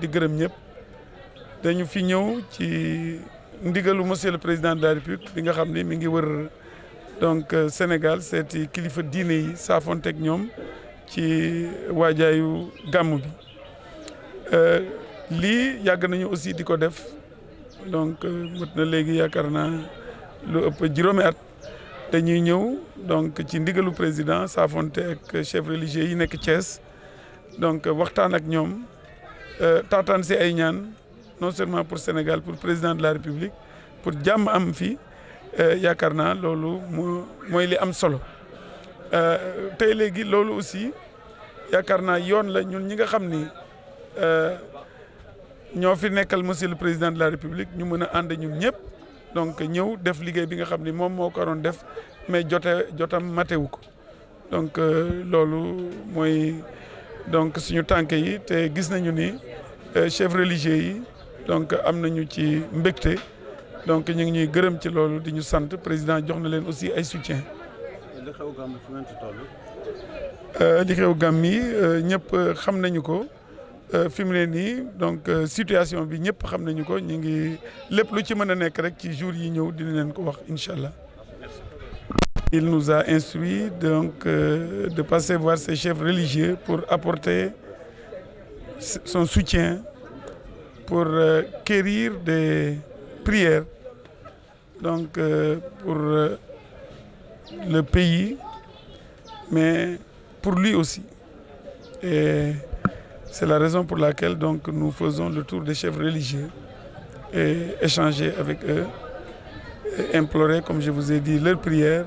di gërëm ñëpp dañu fi ñëw ci ndigalu monsieur le président de la république bi nga xam ne mi ngi wër donc euh, Sénégal seeti kilifa diine yi saafonteeg ñoom ci waajaayu gàmm bi euh, lii yàgg nañu aussi di ko def donc euh, mët na léegi yaakaar naa lu ëpp juróomi at dañuy ñëw donc ci ndigalu président saafonte ak chef religieux yi nekk Thiès donc waxtaan ak ñoom Euh, taataan si ay ñaan non seulement pour Sénégal pour président de la République pour jàmm am fii euh, yaakaar naa loolu moo mooy li am solo euh, tey léegi loolu aussi yaakaar naa yoon la ñun ñi nga xam ni ñoo fi nekkal monsieur le président de la République ñu mën a ànd ñun ñëpp donc ñëw def liggéey bi nga xam ni moom moo ko doon def mais jote jotam matewu ko donc loolu mooy. donc suñu tànk yi te gis nañu ni euh, chef religieux yi donc am nañu ci mbégte donc ñu ngi ñuy gërëm ci loolu di ñu sant président jox na leen aussi ay soutien. li xew gàmm fu ngeen ci toll. Euh, li xew gàmm yi euh, ñëpp xam nañu ko fi mu ne nii donc situation bi ñëpp xam nañu ko ñu ngi lépp lu ci mën a nekk rek ci jour yi ñëw dina leen ko wax incha allah. Il nous a instruit donc euh, de passer voir ses chefs religieux pour apporter son soutien, pour euh, quérir des prières donc, euh, pour euh, le pays, mais pour lui aussi. Et c'est la raison pour laquelle donc, nous faisons le tour des chefs religieux et échanger avec eux, et implorer, comme je vous ai dit, leurs prières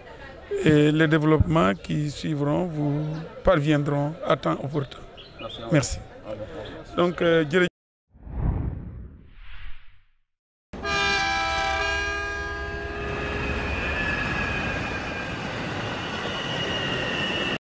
et les développements qui suivront vous parviendront à temps opportun. Merci. Donc, euh,